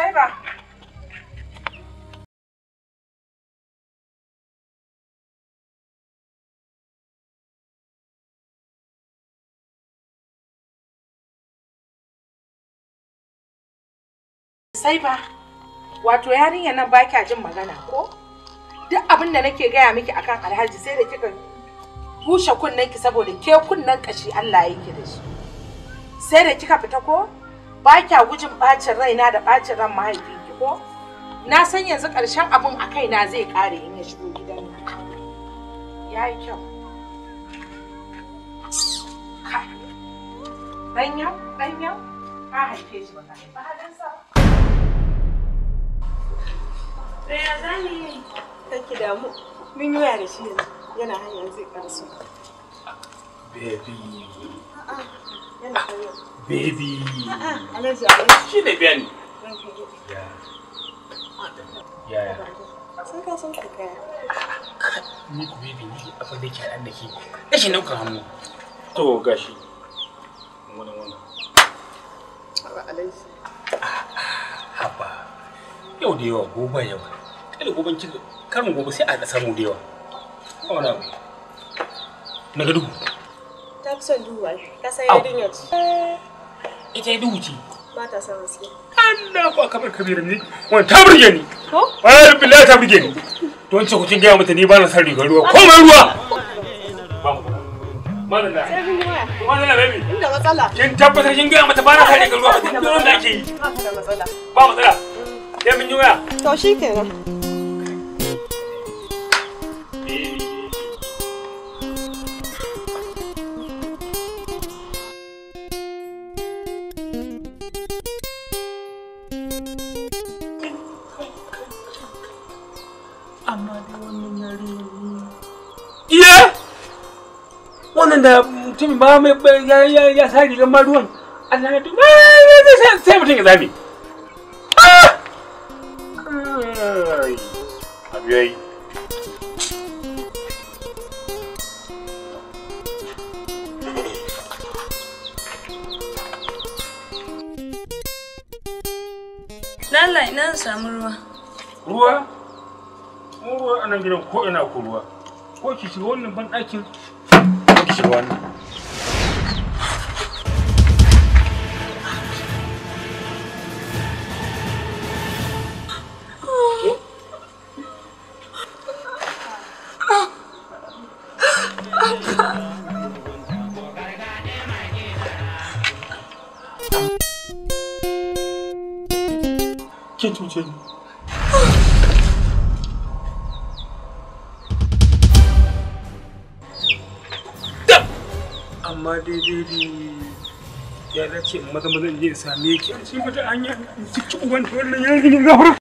selber. Saiba, sai ba wato yarinya nan ba kya jin magana ko duk abin da nake gaya miki akan alhaji sai da kika bushe kunnen saboda ke kunnen kashi Allah yake da su sai da kika fita ko ba kya gujin bacin raina da bacin ran mahaifinki ko na san yanzu ƙarshen abin a kaina zai kare in ya shigo gidan nan ya yi kyau danya danya ka haife shi ba ka haifa halinsa ɗaya zani take damu mun yi waya da shi yana hanyar zai karsu. Baby. Ah, baby. Shi ne biya ne. Ah. ya Sun ka sun kaka. Ni ku baby abin da ke da ke. hannu. To gashi. Haba. Yau da yawa yawa. karin sai a samu da yawa. Na ga duhu. Na fi son duhu ai. Ka san yarinya ce. Ita duhu ce. Ba ta son haske. Allah ko kamar kabirin ni. Wannan ta burge ni. Ko? Ai billahi ta burge ni. Don ce kucin gaya mata ni ba na son rigar ruwa. Ko mai ruwa. Madalla. Madalla baby. Inda matsala. Kin tabbatar kin gaya mata ba na son rigar ruwa. Duk da ake yi. Ba matsala. Ba matsala. Sai mun yi waya. To shikenan. amma da wannan iya wannan da mutum ba mai ya ya ya sa rigar Allah ya tuba sai mutum samu ruwa. Ruwa? mu ruwa a nan gidan ko ina ko ruwa ko ki shiga wannan banɗakin ɗakin ko ki shiga wannan Ki amma daidai da ya dace maza mazan in sami in same ki an shi mata an yi cikin uban wannan yanzu ne zafar